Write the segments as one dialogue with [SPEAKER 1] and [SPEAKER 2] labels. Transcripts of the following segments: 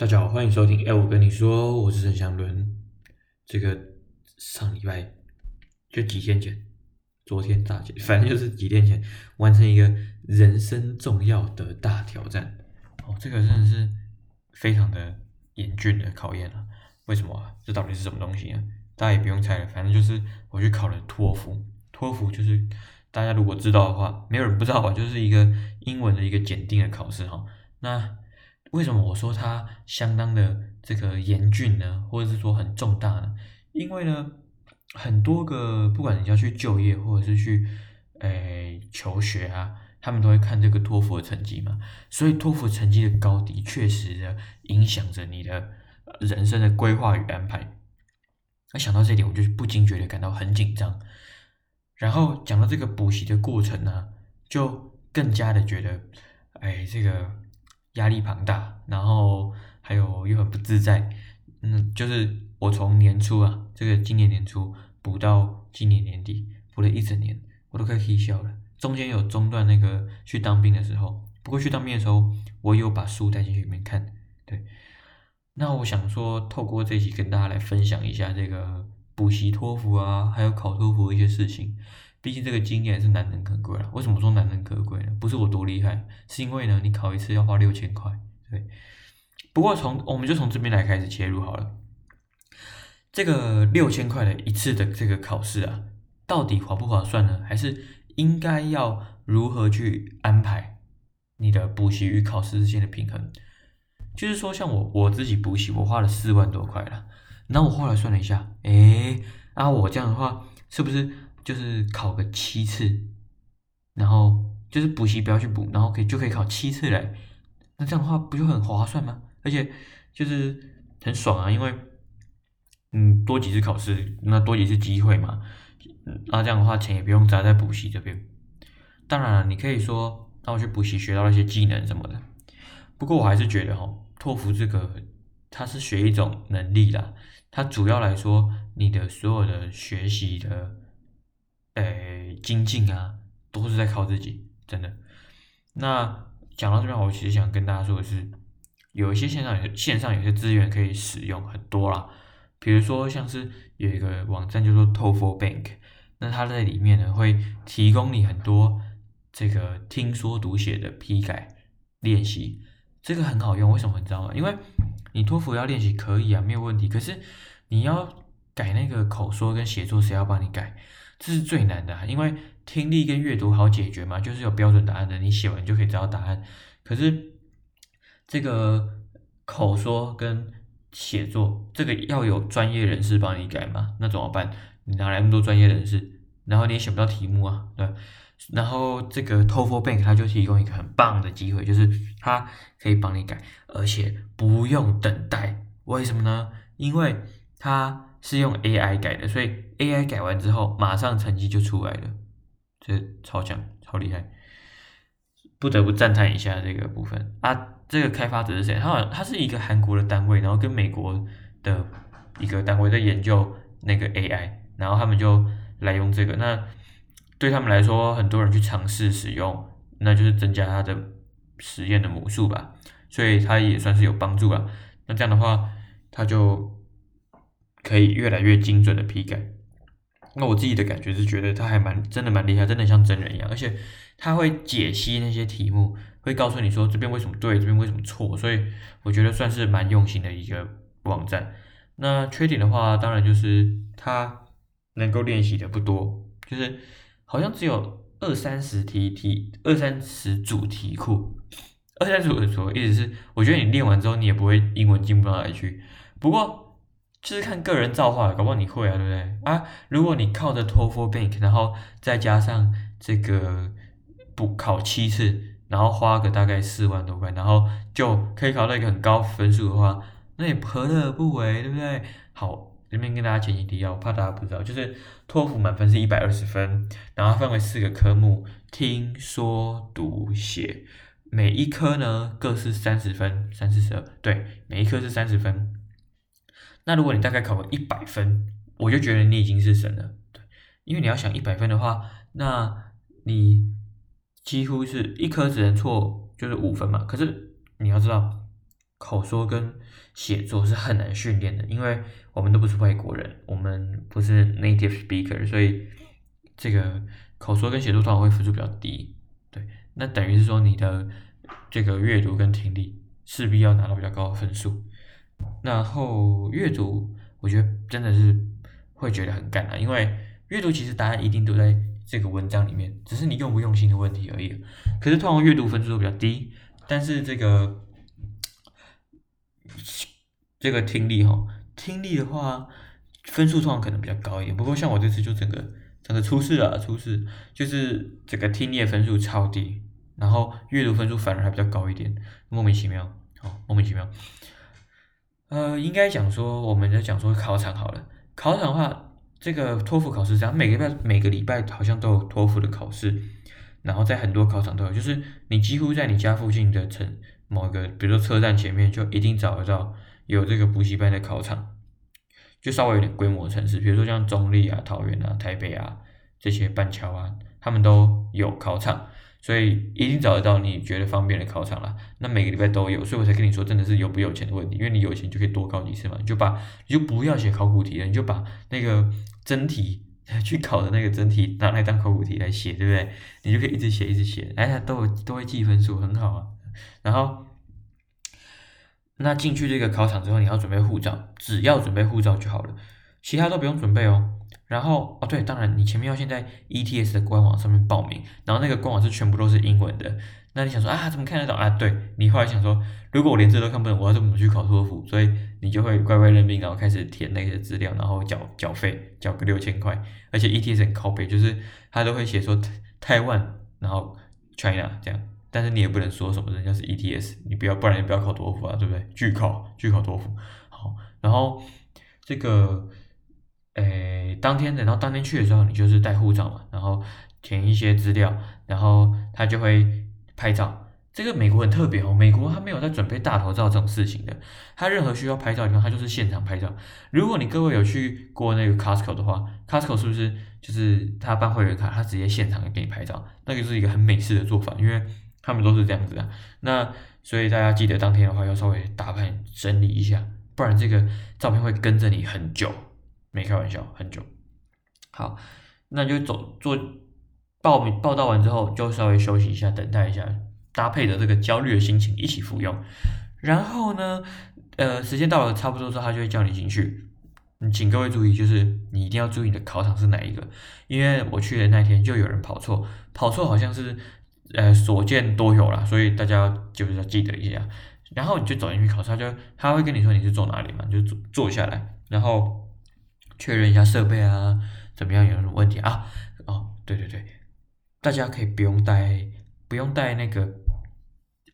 [SPEAKER 1] 大家好，歡迎收聽《哎、欸，我跟你說》，我是陳祥倫。這個上禮拜就幾天前，昨天大咋？反正就是幾天前完成一個人生重要的大挑戰。哦，這個真的是非常的嚴峻的考驗啊！為什麼、啊？這到底是什麼東西啊？大家也不用猜了，反正就是我去考了托福。托福就是大家如果知道的話，沒有人不知道吧、啊？就是一個英文的一個檢定的考試哈、啊。那為什麼我說他相當的這個嚴峻呢？或者是說很重大呢？因為呢，很多個不管你要去就業或者是去誒求學啊，他們都會看這個托福成績嘛。所以托福成績的高低，確實的影響着你的人生的規劃與安排。那想到這點，我就不禁覺得感到很緊張。然後講到這個補習的過程呢、啊，就更加的覺得，哎，這個。壓力龐大，然後還有又很不自在。嗯，就是我從年初啊，這個今年年初補到今年年底，補了一整年，我都快可以嘿笑了。中間有中斷那個去當兵的時候，不過去當兵的時候，我有把書帶進去裡面看。對，那我想說，透過這一集跟大家來分享一下這個補習托福啊，還有考托福一些事情。畢竟這個經驗是難能可貴了啊。為什麼說難能可貴呢？不是我多厲害，是因為呢，你考一次要花六千塊，對。不過從我們就從這邊來開始切入好了。這個六千塊的一次的這個考試啊，到底划不划算呢？還是應該要如何去安排你的補習與考試之間的平衡？就是說，像我我自己補習，我花了四萬多塊了。然後我後來算了一下，哎，啊，我這樣的話是不是？就是考個七次，然後就是補習不要去補，然後可以就可以考七次嘞。那這樣的話不就很划算嗎？而且就是很爽啊，因為嗯多幾次考試，那多幾次機會嘛。那這樣的話錢也不用砸在補習這邊。當然了，你可以說讓我去補習學到一些技能什麼的。不過我還是覺得哈，托福這個它是學一種能力的，它主要來說你的所有的學習的。誒，精進啊，都是在靠自己，真的。那講到這邊，我其實想跟大家說的是，有一些線上有線上有些資源可以使用很多啦。比如說像是有一個網站，就是說 TOEFL Bank，那它在裡面呢會提供你很多這個聽說讀寫的批改練習，這個很好用。為什麼你知道嗎？因為你托福要練習可以啊，沒有問題。可是你要改那個口說跟寫作，誰要幫你改？這是最難的啊，因為聽力跟閱讀好解決嘛，就是有標準答案的，你寫完就可以知道答案。可是這個口說跟寫作，這個要有專業人士幫你改嘛？那怎麼辦？你哪來那麼多專業人士？然後你也想不到題目啊，對，然後這個 TOEFL Bank 它就提供一個很棒的機會，就是它可以幫你改，而且不用等待。為什麼呢？因為它是用 AI 改的，所以。AI 改完之後，馬上成績就出來了，這超強，超厲害，不得不讚嘆一下這個部分啊！這個開發者是誰？他好像他是一個韓國的單位，然後跟美國的一個單位在研究那個 AI，然後他們就來用這個。那對他們來說，很多人去嘗試使用，那就是增加他的實驗的母數吧，所以他也算是有幫助啊，那這樣的話，他就可以越來越精準的批改。那我自己的感覺是覺得他還蠻真的蠻厲害，真的像真人一樣，而且他會解析那些題目，會告訴你說，這邊為什麼對，這邊為什麼錯，所以我覺得算是蠻用心的一個網站。那缺點的話，當然就是他能夠練習的不多，就是好像只有二三十題題，二三十主題庫，二三十組的時候，意思是我覺得你練完之後你也不會英文進步到哪裡去。不過。就是看個人造化的，搞不好你會啊，對不對？啊，如果你靠着托福 bank，然後再加上這個補考七次，然後花個大概四萬多塊，然後就可以考到一個很高分數的話，那也何樂而不為，對不對？好，這邊跟大家簡要提一下，我怕大家不知道，就是托福滿分是一百二十分，然後分為四個科目：聽說讀寫，每一科呢各是三十分，三四十二，對，每一科是三十分。那如果你大概考個一百分，我就覺得你已經是神了，對，因為你要想一百分的話，那你幾乎是一科只能錯就是五分嘛。可是你要知道，口說跟寫作是很難訓練的，因為我們都不是外國人，我們不是 native speaker，所以這個口說跟寫作通常會分數比較低，對。那等於是說你的這個閱讀跟聽力勢必要拿到比較高的分數。然後閱讀，我覺得真的是會覺得很幹了，因為閱讀其實答案一定都在這個文章裡面，只是你用不用心的問題而已。可是通常閱讀分數都比較低，但是這個這個聽力哈、哦，聽力的話分數通常可能比較高一點。不過像我這次就整個整個出事啊，出事就是整個聽力的分數超低，然後閱讀分數反而還比較高一點，莫名其妙，哦、莫名其妙。呃，應該講說，我們就講說考場好了。考場的話，這個托福考試，然每個禮拜每個禮拜好像都有托福的考試，然後在很多考場都有，就是你幾乎在你家附近的城某一個，比如說車站前面，就一定找得到有這個補習班的考場，就稍微有點規模的城市，比如說像中壢啊、桃園啊、台北啊這些板橋啊，他們都有考場。所以一定找得到你覺得方便的考場了，那每個禮拜都有，所以我才跟你說，真的是有不有錢的問題，因為你有錢就可以多考幾次嘛，你就把你就不要寫考古題了，你就把那個真題去考的那個真題拿來當考古題來寫，對不對？你就可以一直寫一直寫，哎呀，都都會記分數很好啊。然後，那進去這個考場之後，你要準備護照，只要準備護照就好了，其他都不用準備哦。然後哦，對，當然你前面要先在 ETS 的官網上面報名，然後那個官網是全部都是英文的。那你想說啊，怎麼看得懂啊？對你後來想說，如果我連這都看不懂，我要怎麼去考托福？所以你就會乖乖認命，然後開始填那些資料，然後繳繳費，繳個六千塊。而且 ETS 很靠北，就是他都會寫說台灣，然後 China 這樣，但是你也不能說什麼人家是 ETS，你不要，不然你不要考托福啊，對不對？拒考，拒考托福。好，然後這個。誒、欸，當天等然後當天去的時候，你就是帶護照嘛，然後填一些資料，然後他就會拍照。這個美國很特別哦，美國他沒有在準備大頭照這種事情的，他任何需要拍照地方，他就是現場拍照。如果你各位有去過那個 Costco 的話、嗯、，Costco 是不是就是他辦會員卡，他直接現場給你拍照？那個是一個很美式的做法，因為他們都是這樣子啊。那所以大家記得當天的話，要稍微打扮整理一下，不然這個照片會跟着你很久。沒開玩笑，很久。好，那就走做報名報到完之後，就稍微休息一下，等待一下，搭配的這個焦慮的心情一起服用。然後呢，呃，時間到了差不多之後，他就會叫你進去。你請各位注意，就是你一定要注意你的考場是哪一個，因為我去的那天就有人跑錯，跑錯好像是呃所見多有啦，所以大家就是要記得一下。然後你就走進去考場他就他會跟你說你是坐哪裡嘛，就坐坐下來，然後。確認一下設備啊，怎麼樣？有什麼問題啊，啊？哦，對對對，大家可以不用帶，不用帶那個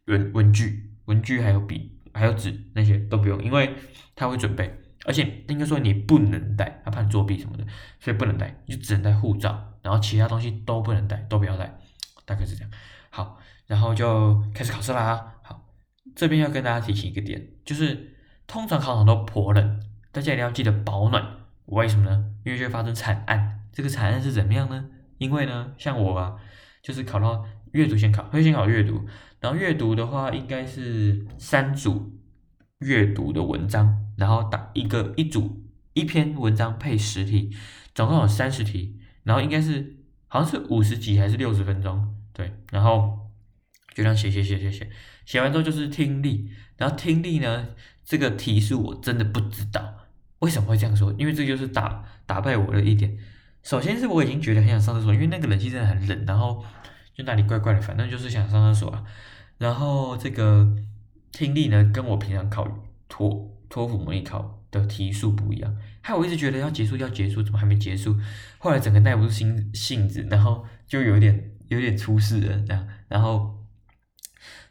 [SPEAKER 1] 文文具、文具還有筆、還有紙那些都不用，因為他會準備，而且應該說你不能帶，他、啊、怕你作弊什麼的，所以不能帶，你就只能帶護照，然後其他東西都不能帶，都不要帶，大概是這樣。好，然後就開始考試啦。好，這邊要跟大家提醒一個點，就是通常考場都頗冷，大家一定要記得保暖。為什麼呢？因為就會發生慘案。這個慘案是怎麼樣呢？因為呢，像我啊，就是考到閱讀先考，會先考閱讀。然後閱讀的話，應該是三組閱讀的文章，然後打一個一組一篇文章配十題，總共有三十題。然後應該是好像是五十幾還是六十分鐘，對。然後就這樣寫寫寫寫寫寫，寫完之後就是聽力。然後聽力呢，這個題數我真的不知道。為什麼會這樣說？因為這就是打打敗我的一點。首先是我已經覺得很想上廁所，因為那個冷氣真的很冷，然後就那裡怪怪的，反正就是想上廁所啊。然後這個聽力呢，跟我平常考托托福模擬考的題數不一樣，害我一直覺得要結束要結束，怎麼還沒結束？後來整個耐不住性性子，然後就有點有點出事了這樣，然後，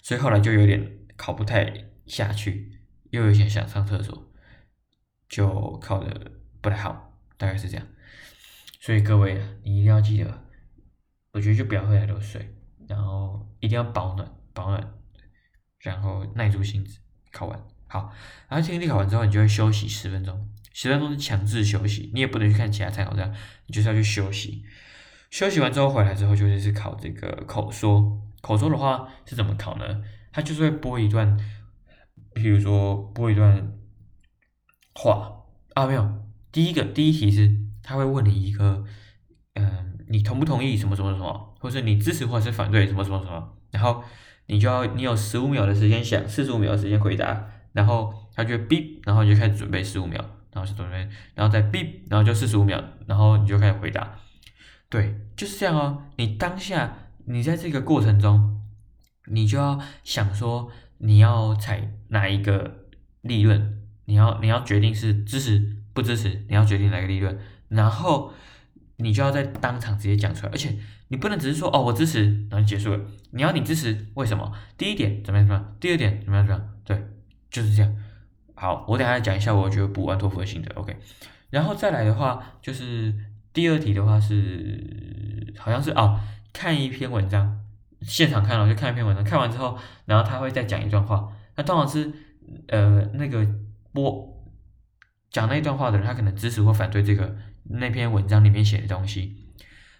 [SPEAKER 1] 所以後來就有點考不太下去，又有點想，想上廁所。就考的不太好，大概是這樣，所以各位啊，你一定要記得，我覺得就不要喝太多水，然後一定要保暖，保暖，然後耐住性子，考完好，然後聽力考完之後，你就會休息十分鐘，十分鐘是強制休息，你也不能去看其他參考，這樣，你就是要去休息，休息完之後回來之後，就是考這個口說，口說的話是怎麼考呢？它就是會播一段，比如說播一段。話啊沒有，第一個第一題是他會問你一個，嗯、呃，你同不同意什麼什麼什麼，或是你支持或者是反對什麼什麼什麼，然後你就要你有十五秒的時間想，四十五秒的時間回答，然後他就嗶，然後你就開始準備十五秒，然後是準備，然後再嗶，然後就四十五秒，然後你就開始回答，對，就是這樣哦、啊。你當下你在這個過程中，你就要想說你要採哪一個立論。你要你要決定是支持不支持，你要決定哪個立論，然後你就要在當場直接講出來，而且你不能只是說哦我支持，然後結束了。你要你支持為什麼？第一點怎麼樣怎麼樣？第二點怎麼樣怎麼樣？對，就是這樣。好，我等下講一下我覺得補完托福的心得。OK，然後再來的話就是第二題的話是好像是啊、哦，看一篇文章，現場看了，了就看一篇文章，看完之後，然後他會再講一段話，那通常是呃那個。播講那段話的人，他可能支持或反對這個那篇文章裡面寫的東西，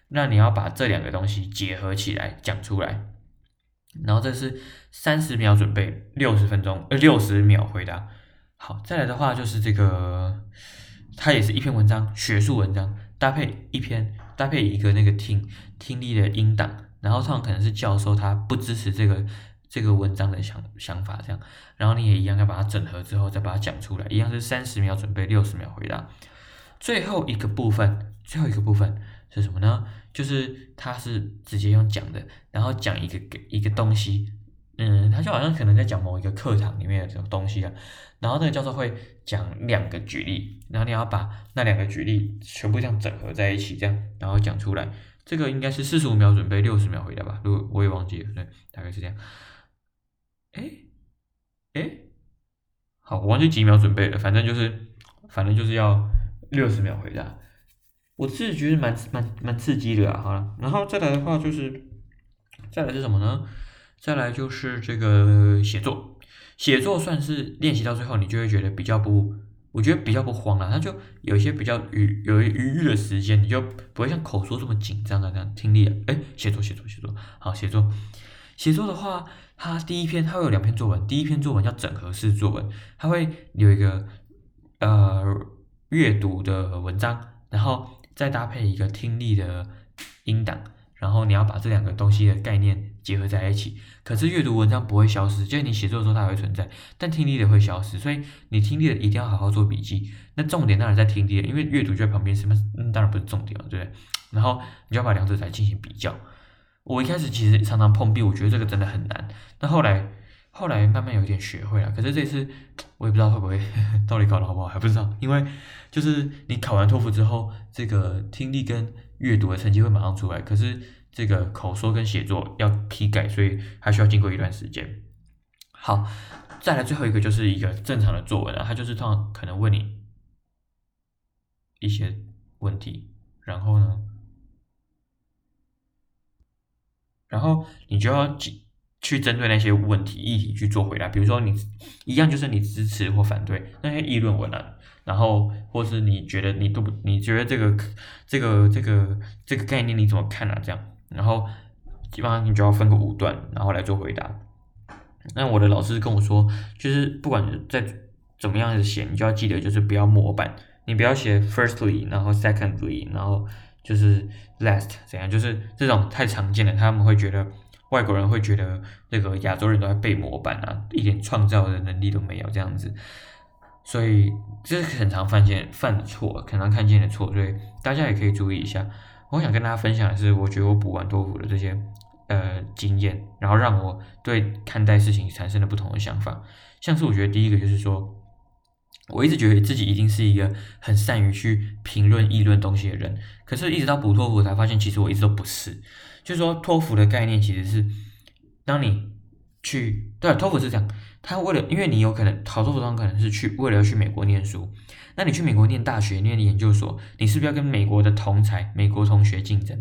[SPEAKER 1] 那你要把這兩個東西結合起來講出來。然後這是三十秒準備，六十分鐘呃六十秒回答。好，再來的話就是這個，它也是一篇文章，學術文章，搭配一篇搭配一個那個聽聽力的音檔，然後通常可能是教授他不支持這個。這個文章的想想法，這樣，然後你也一樣要把它整合之後再把它講出來，一樣是三十秒準備，六十秒回答。最後一個部分，最後一個部分是什麼呢？就是它是直接用講的，然後講一個一個東西，嗯，它就好像可能在講某一個課堂裡面的這種東西啊。然後那個教授會講兩個舉例，然後你要把那兩個舉例全部這樣整合在一起，這樣然後講出來。這個應該是四十五秒準備，六十秒回答吧？如果我也忘記了，對，大概是這樣。哎，哎，好，我忘記幾秒準備了，反正就是，反正就是要六十秒回答。我自己覺得蠻蠻蠻刺激的啊。好了，然後再來的話就是，再來是什麼呢？再來就是這個寫作。寫作算是練習到最後，你就會覺得比較不，我覺得比較不慌啦。它就有一些比較餘，有餘裕的時間，你就不會像口說這麼緊張的這樣，這樣聽力了，哎，寫作，寫作，寫作，好，寫作，寫作的話。它第一篇，它會有兩篇作文。第一篇作文叫整合式作文，它會有一個呃閱讀的文章，然後再搭配一個聽力的音檔，然後你要把這兩個東西的概念結合在一起。可是閱讀文章不會消失，就是你寫作的時候它會存在，但聽力的會消失，所以你聽力的一定要好好做筆記。那重點當然在聽力，因為閱讀就在旁邊，什麼當然不是重點了，對不對？然後你就要把兩者來進行比較。我一開始其實常常碰壁，我覺得這個真的很難。那後來，後來慢慢有點學會了。可是這次我也不知道會不會呵呵到底考得好不好，還不知道。因為就是你考完托福之後，這個聽力跟閱讀的成績會馬上出來，可是這個口說跟寫作要批改，所以還需要經過一段時間。好，再來最後一個就是一個正常的作文啊，它就是通常可能問你一些問題，然後呢？然後你就要去去針對那些問題、議題去做回答，比如說你一樣就是你支持或反對那些議論文啊，然後或是你覺得你都不你覺得這個這個這個這個概念你怎麼看啊？這樣，然後基本上你就要分個五段，然後來做回答。那我的老師跟我說，就是不管在怎麼樣的寫，你就要記得就是不要模板，你不要寫 firstly，然後 secondly，然後。就是 last 怎樣，就是這種太常見了，他們會覺得外國人會覺得那個亞洲人都在背模板啊，一點創造的能力都沒有這樣子，所以這是很常犯見犯的錯，很常看見的錯，所以大家也可以注意一下。我想跟大家分享的是，我覺得我補完托福的這些呃經驗，然後讓我對看待事情產生了不同的想法。像是我覺得第一個就是說。我一直覺得自己一定是一個很善於去評論議論東西的人，可是，一直到補托福才發現，其實我一直都不是。就是說，托福的概念其實是，當你去對、啊，托福是這樣，他為了，因為你有可能，好多學生可能是去為了要去美國念書，那你去美國念大學，念研究所，你是不是要跟美國的同儕，美國同學競爭？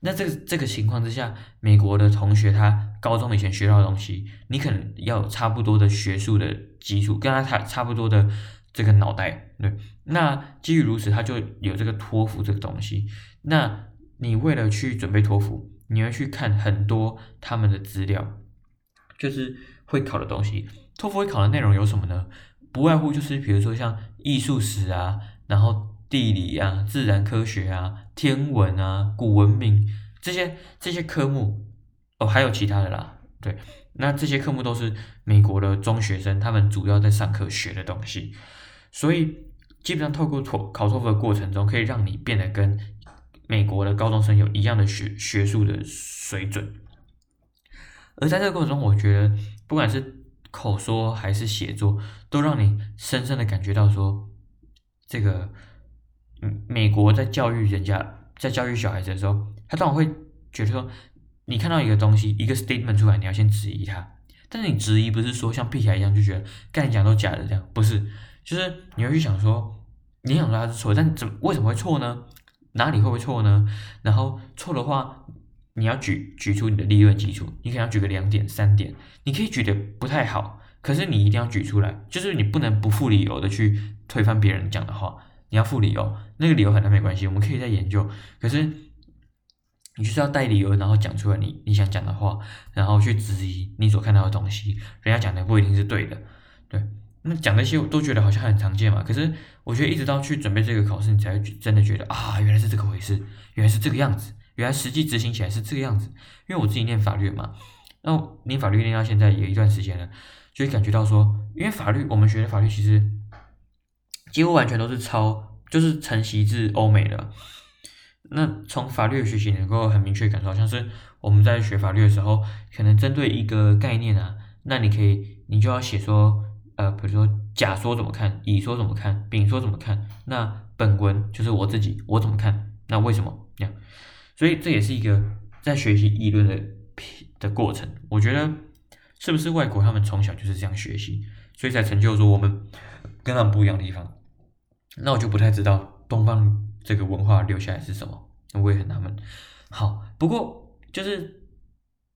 [SPEAKER 1] 那這個這個情況之下，美國的同學他高中以前學到的東西，你可能要有差不多的學術的基礎，跟他差差不多的。這個腦袋，對，那基於如此，它就有這個托福這個東西。那你為了去準備托福，你要去看很多他們的資料，就是會考的東西。托福會考的內容有什麼呢？不外乎就是比如說像藝術史啊，然後地理啊、自然科學啊、天文啊、古文明這些這些科目，哦，還有其他的啦。對，那這些科目都是美國的中學生他們主要在上課學的東西，所以基本上透過考托福的過程中，可以讓你變得跟美國的高中生有一樣的學學術的水準。而在這個過程中，我覺得不管是口說還是寫作，都讓你深深的感覺到說，這個，嗯，美國在教育人家，在教育小孩子的時候，他當然會覺得說。你看到一個東西，一個 statement 出來，你要先質疑它。但是你質疑不是說像劈起一樣就覺得，幹你講都假的這樣，不是，就是你要去想說，你想說它是錯，但怎麼為什麼會錯呢？哪裡會不會錯呢？然後錯的話，你要舉舉出你的理論基礎，你可能要舉個兩點、三點，你可以舉得不太好，可是你一定要舉出來，就是你不能不負理由的去推翻別人講的話，你要負理由，那個理由可能沒關係，我們可以再研究，可是。你就是要帶理由，然後講出來你你想講的話，然後去質疑你所看到的東西。人家講的不一定是對的，對。那講那些我都覺得好像很常見嘛，可是我覺得一直到去準備這個考試，你才真的覺得啊，原來是這個回事，原來是這個樣子，原來實際執行起來是這個樣子。因為我自己念法律嘛，然後你法律念到現在也有一段時間了，就會感覺到說，因為法律我們學的法律其實幾乎完全都是抄，就是承襲自歐美的。那從法律學習你能夠很明確感受，像是我們在學法律的時候，可能針對一個概念啊，那你可以，你就要寫說，呃，比如說甲說怎麼看，乙說怎麼看，丙說怎麼看，那本文就是我自己我怎麼看，那為什麼這樣？所以這也是一個在學習議論的的過程。我覺得是不是外國他們從小就是這樣學習，所以才成就說我們跟他們不一樣的地方？那我就不太知道東方，這個文化留下來是什麼？那我也很納悶。好，不過就是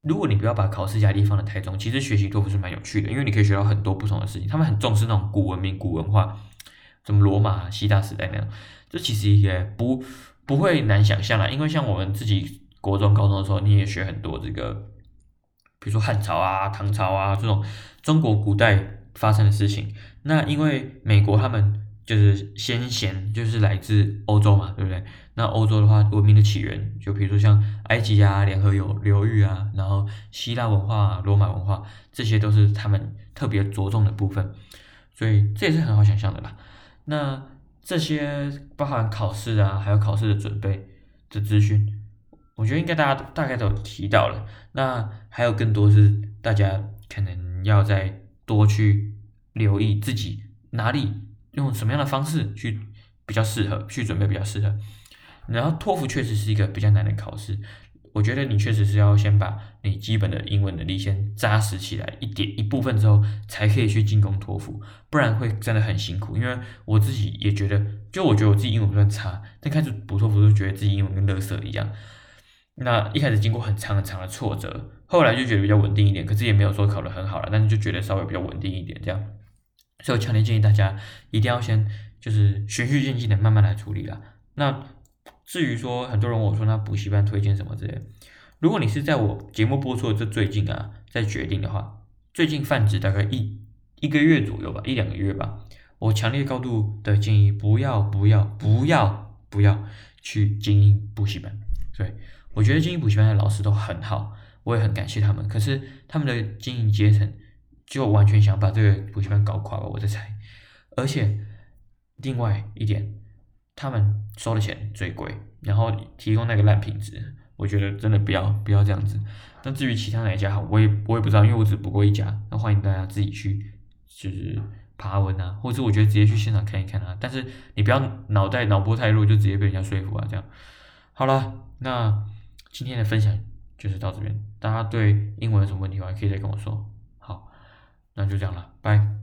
[SPEAKER 1] 如果你不要把考試壓力放得太重，其實學習都不是蠻有趣的，因為你可以學到很多不同的事情。他們很重視那種古文明、古文化，什麼羅馬、希臘時代那種，這其實也不不會難想象啦，因為像我們自己國中、高中的時候，你也學很多這個，比如說漢朝啊、唐朝啊這種中國古代發生的事情。那因為美國他們。就是先賢，就是來自歐洲嘛，對不對？那歐洲的話，文明的起源，就比如說像埃及啊、兩河流域啊，然後希臘文化、羅馬文化，這些都是他們特別着重的部分，所以這也是很好想象的吧？那這些包含考試啊，還有考試的準備的資訊，我覺得應該大家大概都有提到了。那還有更多是大家可能要再多去留意自己哪裡。用什麼樣的方式去比較適合去準備比較適合？然後托福確實是一個比較難的考試，我覺得你確實是要先把你基本的英文能力先扎實起來一點一部分之後，才可以去進攻托福，不然會真的很辛苦。因為我自己也覺得，就我覺得我自己英文不算差，但開始補托福就覺得自己英文跟垃圾一樣。那一開始經過很長很長的挫折，後來就覺得比較穩定一點，可是也沒有說考得很好了，但是就覺得稍微比較穩定一點這樣。所以我強烈建議大家一定要先就是循序漸進的慢慢來處理啦。那至於說，很多人問我說，那補習班推薦什麼之類的。如果你是在我節目播出的這最近啊再決定的話，最近泛指大概一一個月左右吧，一兩個月吧，我強烈高度的建議不要不要不要不要去菁英補習班。所以我覺得菁英補習班的老師都很好，我也很感謝他們，可是他們的經營階層。就完全想把這個補習班搞垮吧，我猜，而且，另外一點，他們收的錢最貴，然後提供那個爛品質，我覺得真的不要不要這樣子。那至於其他哪一家好，我也我也不知道，因為我只補過一家。那歡迎大家自己去就是爬文啊，或者我覺得直接去現場看一看啊。但是你不要腦袋腦波太弱，就直接被人家說服啊這樣。好了，那今天的分享就是到這邊。大家對英文有什麼問題的話，可以再跟我說。那就這樣了，拜。